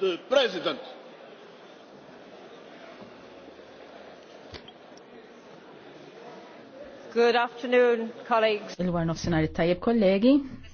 the president. Good afternoon, colleagues. Il-war senarit tajib kollegi.